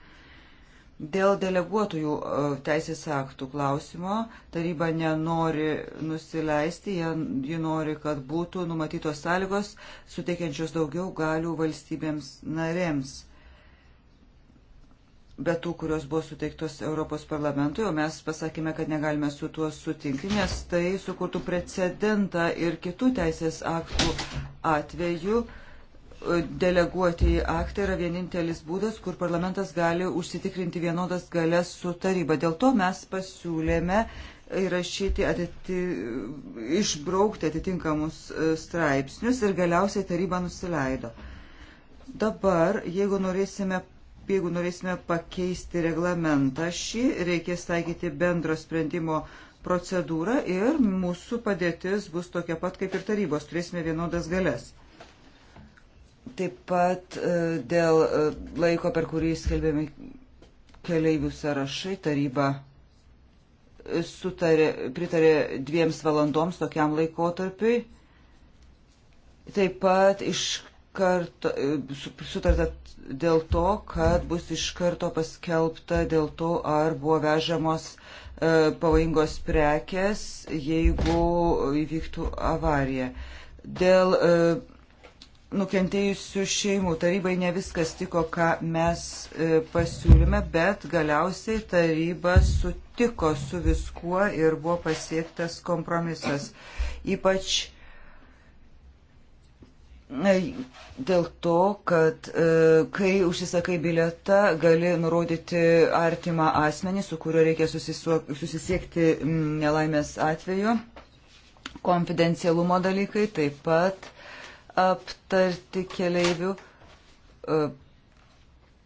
[SPEAKER 2] Dėl deleguotojų e, teisės aktų klausimo taryba nenori nusileisti, ji nori, kad būtų numatytos sąlygos, suteikiančios daugiau galių valstybėms narėms. Bet tų, kurios buvo suteiktos Europos parlamentui, o mes pasakėme, kad negalime su tuo sutinti, nes tai sukurtų precedentą ir kitų teisės aktų atveju. Uh, deleguoti į aktą yra vienintelis būdas, kur parlamentas gali užsitikrinti vienodas galės su taryba. Dėl to mes pasiūlėme įrašyti, atiti, išbraukti atitinkamus e, straipsnius ir galiausiai taryba nusileido. Dabar, jeigu norėsime, jeigu norėsime pakeisti reglamentą šį, reikės taikyti bendro sprendimo procedūrą ir mūsų padėtis bus tokia pat kaip ir tarybos, turėsime vienodas galės. Taip pat e, dėl e, laiko, per kurį skelbiami keleivių sąrašai, taryba e, sutarė, pritarė dviems valandoms tokiam laikotarpiui. Taip pat iš karto sutarta dėl to, kad bus iš karto paskelbta dėl to, ar buvo vežamos e, pavojingos prekes, jeigu įvyktų avarija. Dėl e, nukentėjusių šeimų. Tarybai ne viskas tiko, ką mes e, pasiūlyme, bet galiausiai taryba sutiko su viskuo ir buvo pasiektas kompromisas. Ypač e, dėl to, kad e, kai užsisakai biletą, gali nurodyti artimą asmenį, su kuriuo reikia susisiekti nelaimės atveju. Konfidencialumo dalykai taip pat aptarti keleivių. E,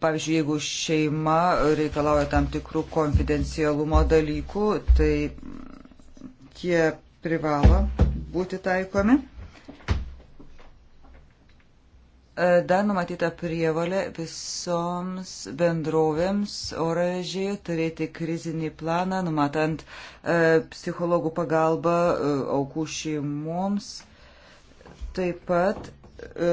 [SPEAKER 2] pavyzdžiui, jeigu šeima reikalauja tam tikrų konfidencialumo dalykų, tai jie privalo būti taikomi. E, dar numatyta prievalė visoms bendrovėms oražėje turėti krizinį planą, numatant e, psichologų pagalbą e, aukų šeimoms. E, Taip pat e,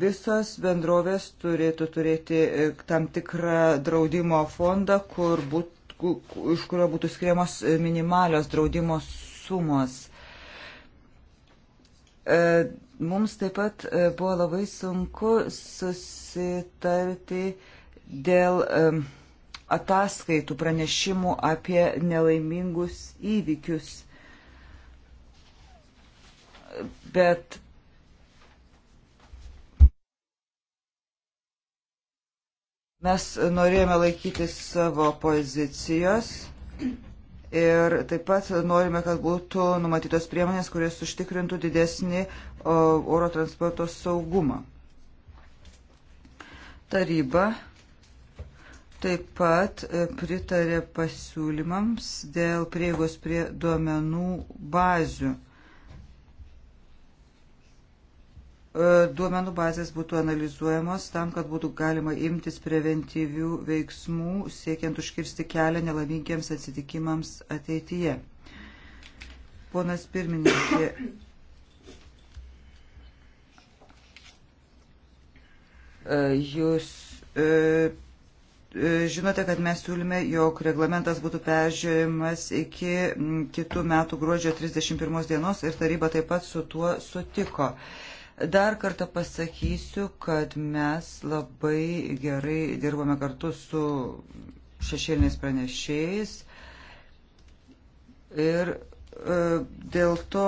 [SPEAKER 2] visos bendrovės turėtų turėti e, tam tikrą draudimo fondą, kur būt, iš kurio būtų skiriamos e, minimalios draudimo sumos. Mums taip pat buvo labai sunku susitarti dėl ataskaitų pranešimų apie nelaimingus įvykius. Bet Mes norėjome laikytis savo pozicijos ir taip pat norime, kad būtų numatytos priemonės, kurios užtikrintų didesnį oro transporto saugumą. Taryba taip pat e, pritarė pasiūlymams dėl prieigos prie duomenų bazių E, duomenų bazės būtų analizuojamos tam, kad būtų galima imtis preventyvių veiksmų, siekiant užkirsti kelią nelaimingiams atsitikimams ateityje. Ponas pirmininkė, e, jūs e, žinote, kad mes siūlyme, jog reglamentas būtų peržiūrimas iki kitų metų gruodžio 31 dienos ir taryba taip pat su tuo sutiko. Dar kartą pasakysiu, kad mes labai gerai dirbame kartu su šešėliniais pranešėjais ir e, dėl to,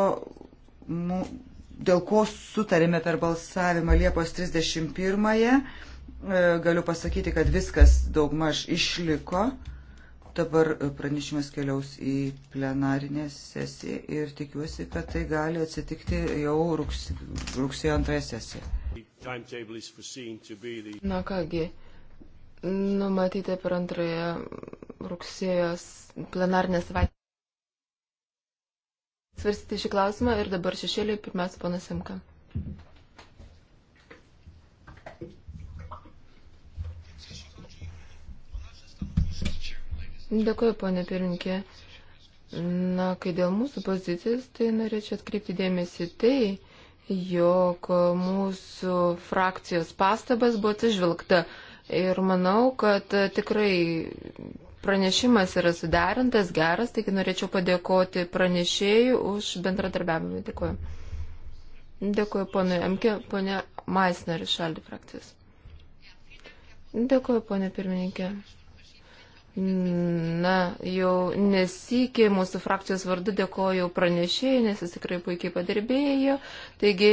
[SPEAKER 2] dėl ko sutarėme per balsavimą Liepos 31-ąją, e, galiu pasakyti, kad viskas daugmaž išliko. Dabar pranešimas keliaus į plenarinę sesiją ir tikiuosi, kad tai gali atsitikti jau rugs, rugsėjo antrąją
[SPEAKER 1] sesiją.
[SPEAKER 3] Na kągi, numatyti per antrąją rugsėjo plenarinę savaitę. Svarstyti šį klausimą ir dabar šešėlį pirmiausia ponas Simka. Dėkuoju, ponė pirinkė. Na, kai dėl mūsų pozicijos, tai norėčiau atkreipti dėmesį tai, jog mūsų frakcijos pastabas buvo atsižvilgta. Ir manau, kad tikrai pranešimas yra sudarintas, geras, taigi norėčiau padėkoti pranešėjui už bendradarbiavimą. Dėkuoju. Dėkuoju ponui Emke, ponė Maisner iš Aldi frakcijos. Dėkuoju, ponė pirmininkė. Na, jau nesikė mūsų frakcijos vardu dėkoju pranešėjai, nes jis tikrai puikiai padirbėjo. Taigi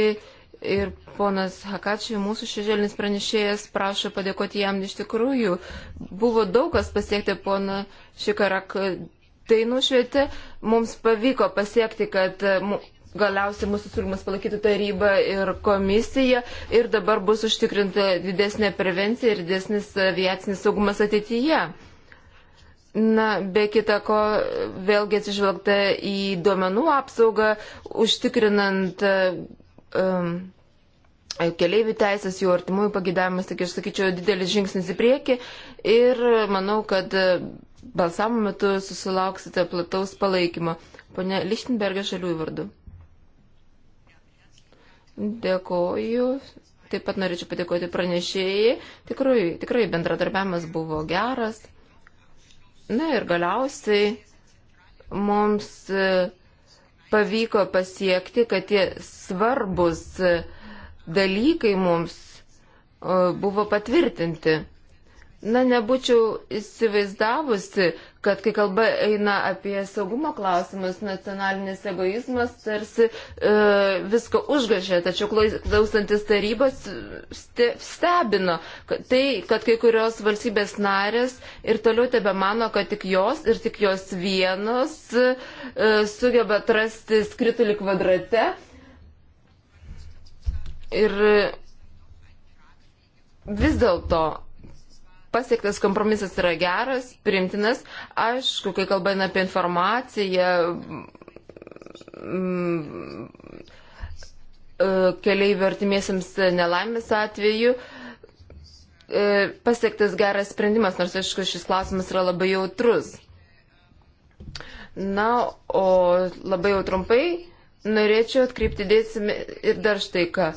[SPEAKER 3] ir ponas Hakačiai, mūsų šešėlinis pranešėjas, prašo padėkoti jam iš tikrųjų. Buvo daug kas pasiekti poną Šikarak. Tai nušvietė, mums pavyko pasiekti, kad galiausiai mūsų siūlymas palaikytų taryba ir komisija ir dabar bus užtikrinta didesnė prevencija ir didesnis aviacinis saugumas ateityje. Na, be kita ko, vėlgi atsižvelgta į duomenų apsaugą, užtikrinant e, um, keliaivių teisės, jų artimųjų pagidavimas, tik aš sakyčiau, didelis žingsnis į priekį ir manau, kad e, balsavimo metu susilauksite plataus palaikymo. Pone Lichtenberger šalių vardu. Dėkoju. Taip pat norėčiau padėkoti pranešėjai. Tikrai, tikrai bendradarbiavimas buvo geras. Na ir galiausiai mums e, pavyko pasiekti, kad tie svarbus e, dalykai mums e, buvo patvirtinti. Na, nebūčiau įsivaizdavusi, kad kai kalba eina apie saugumo klausimus, nacionalinis egoizmas tarsi e, viską užgažė, tačiau klausantis tarybos ste, stebino kad tai, kad kai kurios valstybės narės ir toliau tebe mano, kad tik jos ir tik jos vienos e, sugeba atrasti skritulį kvadrate. Ir vis dėlto pasiektas kompromisas yra geras, primtinas. Aišku, kai kalbame apie informaciją,
[SPEAKER 2] mm,
[SPEAKER 3] e, keliai vertimiesiams nelaimės atveju, e, pasiektas geras sprendimas, nors aišku, šis klausimas yra labai jautrus. Na, o labai jau trumpai norėčiau atkreipti dėsime ir dar štai ką.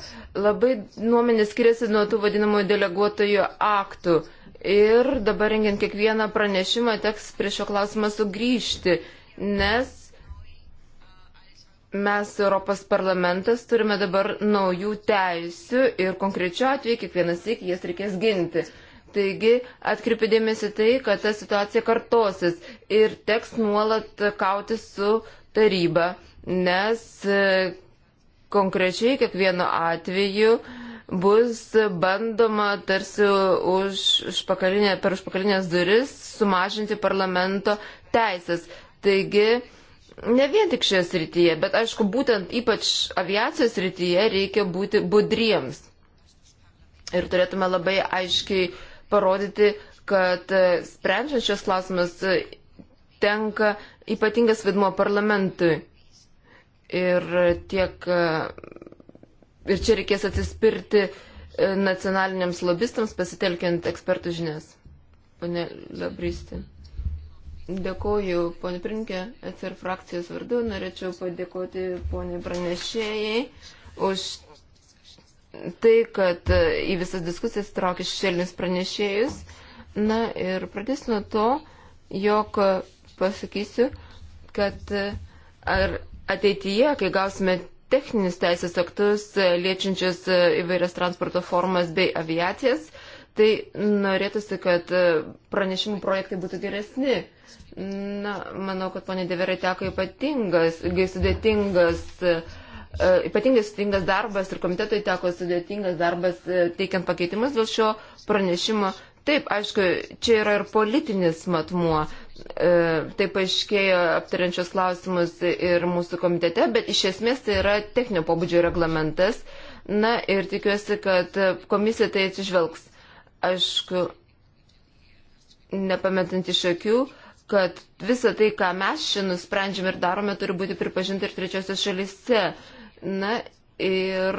[SPEAKER 3] Labai nuomenė skiriasi nuo tų vadinamųjų deleguotojų aktų. Uh, Ir dabar rengiant kiekvieną pranešimą teks prie šio klausimą sugrįžti, nes mes Europos parlamentas turime dabar naujų teisių ir konkrečiu atveju kiekvienas iki jas reikės ginti. Taigi atkreipi dėmesį tai, kad ta situacija kartosis ir teks nuolat kauti su taryba, nes e, konkrečiai kiekvienu atveju uh, bus bandoma tarsi už, užpakalinė, per užpakalinės duris sumažinti parlamento teisės. Taigi, ne vien tik šioje srityje, bet aišku, būtent ypač aviacijos srityje reikia būti budriems. Ir turėtume labai aiškiai parodyti, kad e, sprendžiant šios klausimus e, tenka ypatingas vidmo parlamentui. Ir tiek e, ir čia reikės atsispirti e, nacionaliniams lobistams, pasitelkiant ekspertų žinias. Pane Labristi. Dėkoju, ponė Prinkė, ECR frakcijos vardu. Norėčiau padėkoti ponė pranešėjai už tai, kad e, į visas diskusijas traukė šešėlinis pranešėjus. Na ir pradėsiu nuo to, jog pasakysiu, kad e, ar ateityje, kai gausime techninius teisės aktus e, liečiančius e, įvairias transporto formas bei aviacijas, tai norėtųsi, kad e, pranešimų projektai būtų geresni. Na, manau, kad ponė Deverai teko ypatingas, sudėtingas ypatingai sudėtingas darbas ir komitetui teko sudėtingas darbas teikiant pakeitimus dėl šio pranešimo. Taip, aišku, čia yra ir politinis matmuo. E, Taip aiškėjo aptariančios klausimus ir mūsų komitete, bet iš esmės tai yra techninio pobūdžio reglamentas. Na ir tikiuosi, kad komisija tai atsižvelgs. Aišku, nepametant iš akių, kad visa tai, ką mes šiandien nusprendžiam ir darome, turi būti pripažinta ir trečiosios šalyse. Na Ir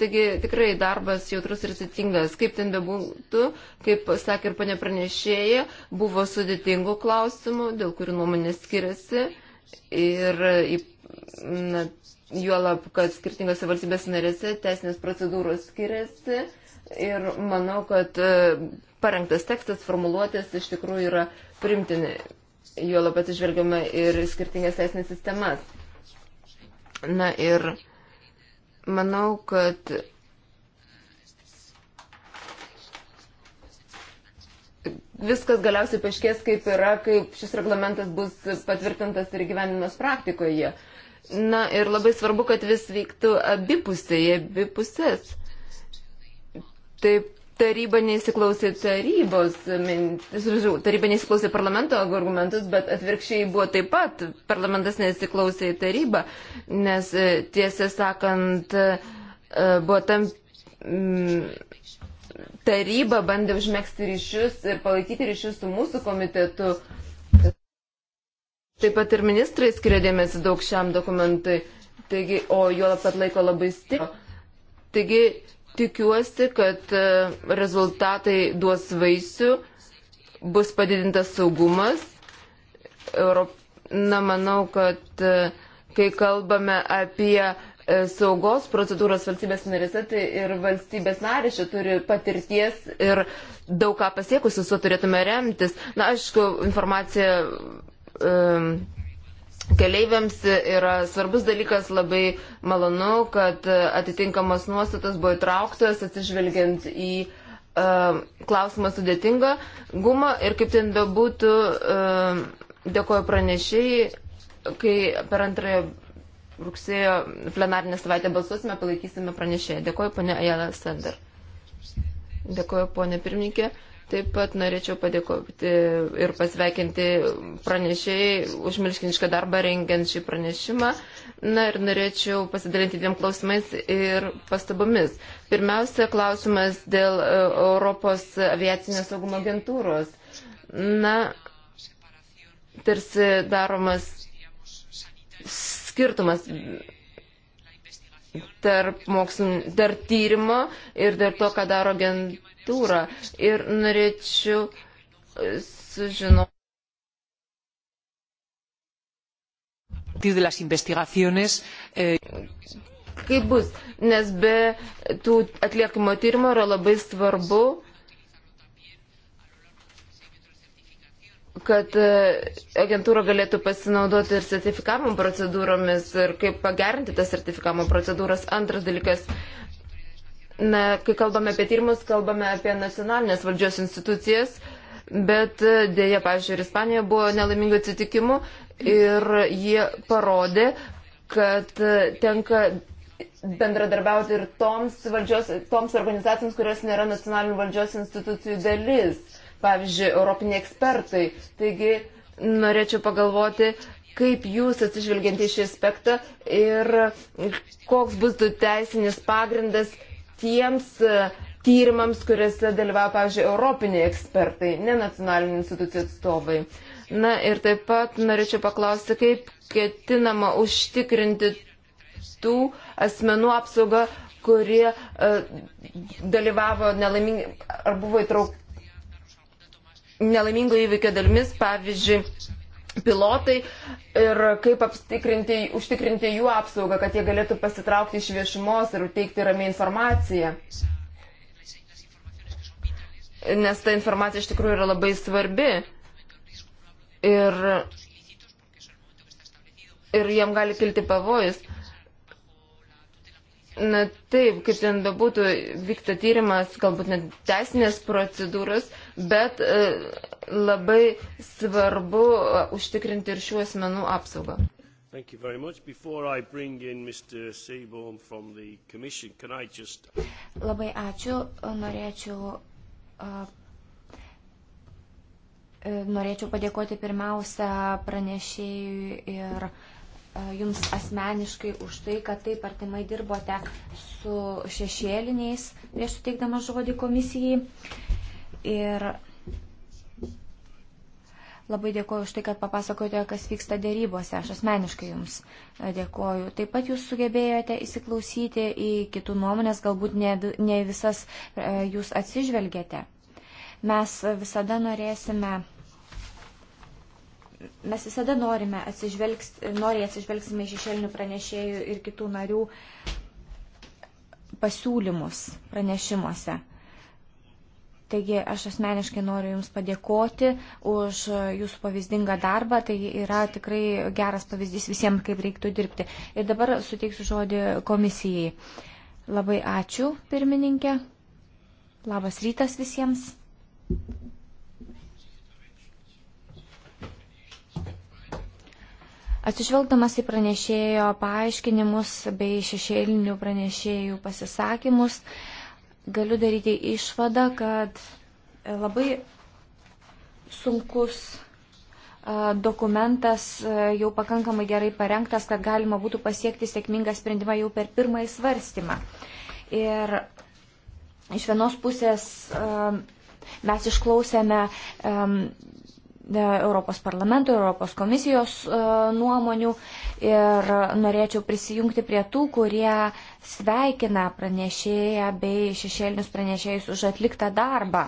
[SPEAKER 3] taigi tikrai darbas jautrus ir sitingas. Kaip ten bebūtų, kaip sakė ir panė pranešėja, buvo sudėtingų klausimų, dėl kurių nuomonės skiriasi. Ir na, juolab, kad skirtingose valstybės narėse teisinės procedūros skiriasi. Ir manau, kad e, parengtas tekstas, formuluotės iš tikrųjų yra primtini. Juolab atsižvelgiame ir skirtingas teisinės sistemas. Na ir Manau, kad viskas galiausiai paaiškės, kaip yra, kaip šis reglamentas bus patvirtintas ir gyvenimas praktikoje. Na ir labai svarbu, kad vis veiktų abipusiai, abipusės. Taip taryba neįsiklausė tarybos, žodžiu, taryba neįsiklausė parlamento argumentus, bet atvirkščiai buvo taip pat, parlamentas neįsiklausė į tarybą, nes e, tiesą sakant, e, buvo tam mm, taryba bandė užmėgsti ryšius ir palaikyti ryšius su mūsų komitetu. Taip pat ir ministrai skiria dėmesį daug šiam dokumentui, taigi, o juolap, kad laiko labai stipriai. Taigi Tikiuosi, kad e, rezultatai duos vaisių, bus padidintas saugumas. Europ... Na, manau, kad e, kai kalbame apie e, saugos procedūros valstybės narėse, tai ir valstybės narė čia turi patirties ir daug ką pasiekusi, su tuo turėtume remtis. Na, aišku, informacija. Um, Keleiviams yra svarbus dalykas, labai malonu, kad atitinkamos nuostatos buvo įtrauktos atsižvelgiant į uh, klausimą sudėtingą gumą ir kaip ten bebūtų, uh, dėkoju pranešiai, kai per antrąją rugsėjo plenarinę savaitę balsuosime, palaikysime pranešėją. Dėkoju, ponė Ajala Sender. Dėkoju, ponė pirmininkė. Uh, Taip pat norėčiau padėkoti ir pasveikinti pranešėjai už milškinišką darbą rengiant šį pranešimą. Na ir norėčiau pasidalinti dviem klausimais ir pastabomis. Pirmiausia, klausimas dėl e, Europos aviacinio saugumo agentūros. Na, tarsi daromas skirtumas tarp, mokslin, tarp tyrimo ir dėl to, ką daro agentūra agentūrą ir norėčiau e, sužinoti. de las investigaciones. Eh... Kaip bus, nes be tų atliekamo tyrimo yra labai svarbu, kad e, agentūra galėtų pasinaudoti ir sertifikavimo procedūromis ir kaip pagerinti tas sertifikavimo procedūras. Antras dalykas, Na, kai kalbame apie tyrimus, kalbame apie nacionalinės valdžios institucijas, bet e, dėja, pažiūrėjau, ir Ispanija buvo nelaimingų atsitikimų ir jie parodė, kad e, tenka bendradarbiauti ir toms, valdžios, toms organizacijoms, kurios nėra nacionalinių valdžios institucijų dalis, pavyzdžiui, europiniai ekspertai. Taigi, norėčiau pagalvoti, kaip jūs atsižvelgiant į šį aspektą ir koks bus teisinis pagrindas tiems e, tyrimams, kuriuose dalyvauja, pavyzdžiui, europiniai ekspertai, ne nacionalinių institucijų atstovai. Na ir taip pat norėčiau paklausti, kaip ketinama užtikrinti tų asmenų apsaugą, kurie uh, dalyvavo nelaimingai ar buvo įtraukti nelaimingo įvykio dalimis, pavyzdžiui, pilotai ir kaip užtikrinti jų apsaugą, kad jie galėtų pasitraukti iš viešumos ir teikti ramiai informaciją. Nes ta informacija iš tikrųjų yra labai svarbi. Ir, ir jam gali kilti pavojus. Na taip, kaip ten bebūtų, vyksta tyrimas, galbūt net teisinės procedūros, bet e, labai svarbu uh, užtikrinti ir šių asmenų apsaugą.
[SPEAKER 1] Thank you very much. Before I bring in Mr. Seaborn from the Commission, can I just... Labai ačiū. Norėčiau, uh, uh, norėčiau padėkoti pirmiausia pranešėjui ir uh, jums asmeniškai už tai, kad taip artimai dirbote su šešėliniais prieš suteikdama žodį komisijai. Ir Labai dėkoju už tai, kad papasakote, kas vyksta dėrybose. Aš asmeniškai Jums e, dėkoju. Taip pat Jūs sugebėjote įsiklausyti į kitų nuomonės, galbūt ne, ne visas e, Jūs atsižvelgėte. Mes visada norėsime. Mes visada norime atsižvelgs, nori atsižvelgsime šešėlinių pranešėjų ir kitų narių pasiūlymus pranešimuose. Taigi aš asmeniškai noriu Jums padėkoti už Jūsų pavyzdingą darbą. Tai yra tikrai geras pavyzdys visiems, kaip reiktų dirbti. Ir dabar suteiksiu žodį komisijai. Labai ačiū, pirmininkė. Labas rytas visiems. Atsižvelgdamas į pranešėjo paaiškinimus bei šešėlinių pranešėjų pasisakymus, uh, galiu daryti išvadą, kad e, labai sunkus e, dokumentas e, jau pakankamai gerai parengtas, kad galima būtų pasiekti sėkmingą sprendimą jau per pirmąjį svarstymą. Ir iš vienos pusės mes išklausėme E, Europos parlamento, Europos komisijos e, nuomonių ir norėčiau prisijungti prie tų, kurie sveikina pranešėją bei šešėlinius pranešėjus už atliktą darbą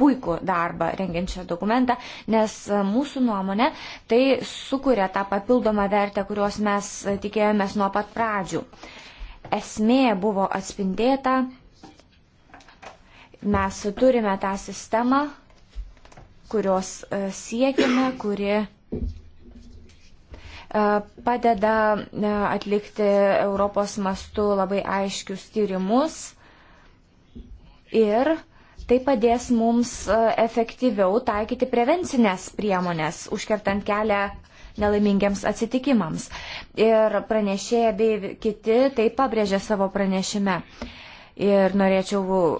[SPEAKER 1] puikų darbą rengiant šią dokumentą, nes mūsų nuomonė tai sukuria tą papildomą vertę, kurios mes tikėjomės nuo pat pradžių. Esmė buvo atspindėta, mes turime tą sistemą, kurios e, siekime, kuri e, padeda e, atlikti Europos mastu labai aiškius tyrimus ir tai padės mums efektyviau taikyti prevencinės priemonės, užkertant kelią nelaimingiams atsitikimams. Ir pranešėja bei kiti tai pabrėžė savo pranešime. Ir norėčiau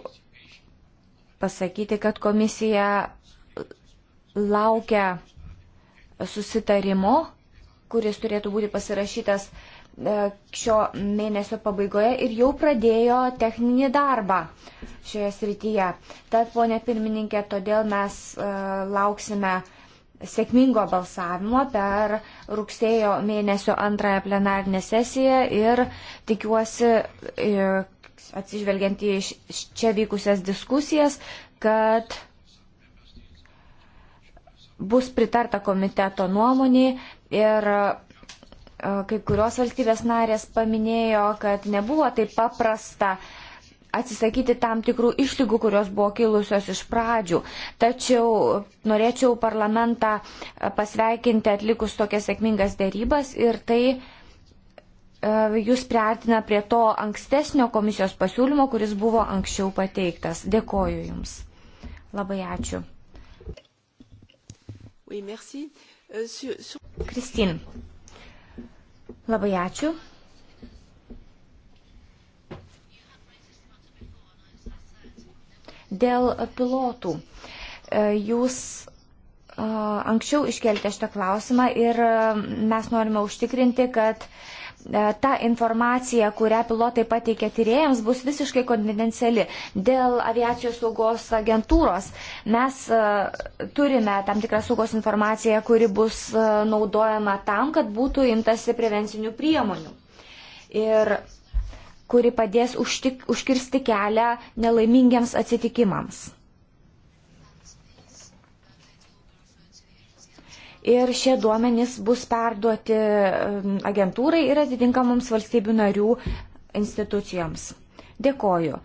[SPEAKER 1] pasakyti, kad komisija laukia susitarimo, kuris turėtų būti pasirašytas e, šio mėnesio pabaigoje ir jau pradėjo techninį darbą šioje srityje. Tad, ponė pirmininkė, todėl mes e, lauksime sėkmingo balsavimo per rugsėjo mėnesio antrąją plenarinę sesiją ir tikiuosi, e, atsižvelgiant į čia vykusias diskusijas, kad bus pritarta komiteto nuomoniai ir e, kai kurios valstybės narės paminėjo, kad nebuvo taip paprasta atsisakyti tam tikrų išlygų, kurios buvo kilusios iš pradžių. Tačiau norėčiau parlamentą e, pasveikinti atlikus tokias sėkmingas dėrybas ir tai e, jūs priartina prie to ankstesnio komisijos pasiūlymo, kuris buvo anksčiau pateiktas. Dėkoju Jums. Labai ačiū.
[SPEAKER 3] Oui, merci. Euh, sur,
[SPEAKER 1] sur... Kristin, labai ačiū. Dėl pilotų. E, jūs anksčiau iškelti šitą klausimą ir mes norime užtikrinti, kad uh, E, ta informacija, kurią pilotai pateikė tyrėjams, bus visiškai konfidenciali. Dėl aviacijos saugos agentūros mes e, turime tam tikrą saugos informaciją, kuri bus e, naudojama tam, kad būtų imtasi prevencinių priemonių. Ir kuri padės užtik, užkirsti kelią nelaimingiams atsitikimams. ir šie duomenys bus perduoti agentūrai ir atitinkamoms valstybių narių institucijoms. Dėkoju.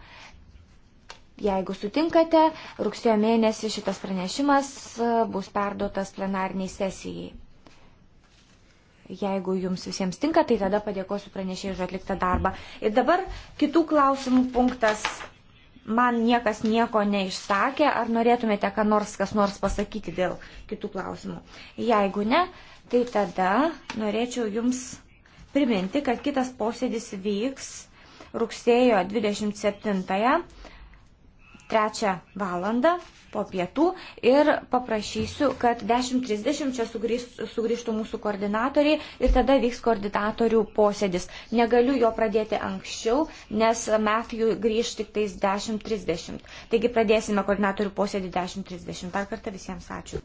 [SPEAKER 1] Jeigu sutinkate, rugsėjo mėnesį šitas pranešimas e, bus perduotas plenarniai sesijai. Jeigu jums visiems tinka, tai tada padėkosiu pranešėjai už atliktą darbą. Ir dabar kitų klausimų punktas man niekas nieko neišsakė, ar norėtumėte, ką nors kas nors pasakyti dėl kitų klausimų. Jeigu ne, tai tada norėčiau Jums priminti, kad kitas posėdis vyks rugsėjo 27 trečią valandą po pietų ir paprašysiu, kad 10.30 čia sugrįž, sugrįžtų mūsų koordinatoriai ir tada vyks koordinatorių posėdis. Negaliu jo pradėti anksčiau, nes Matthew grįž tik tais 10.30. Taigi pradėsime koordinatorių posėdį 10.30. Dar kartą visiems ačiū.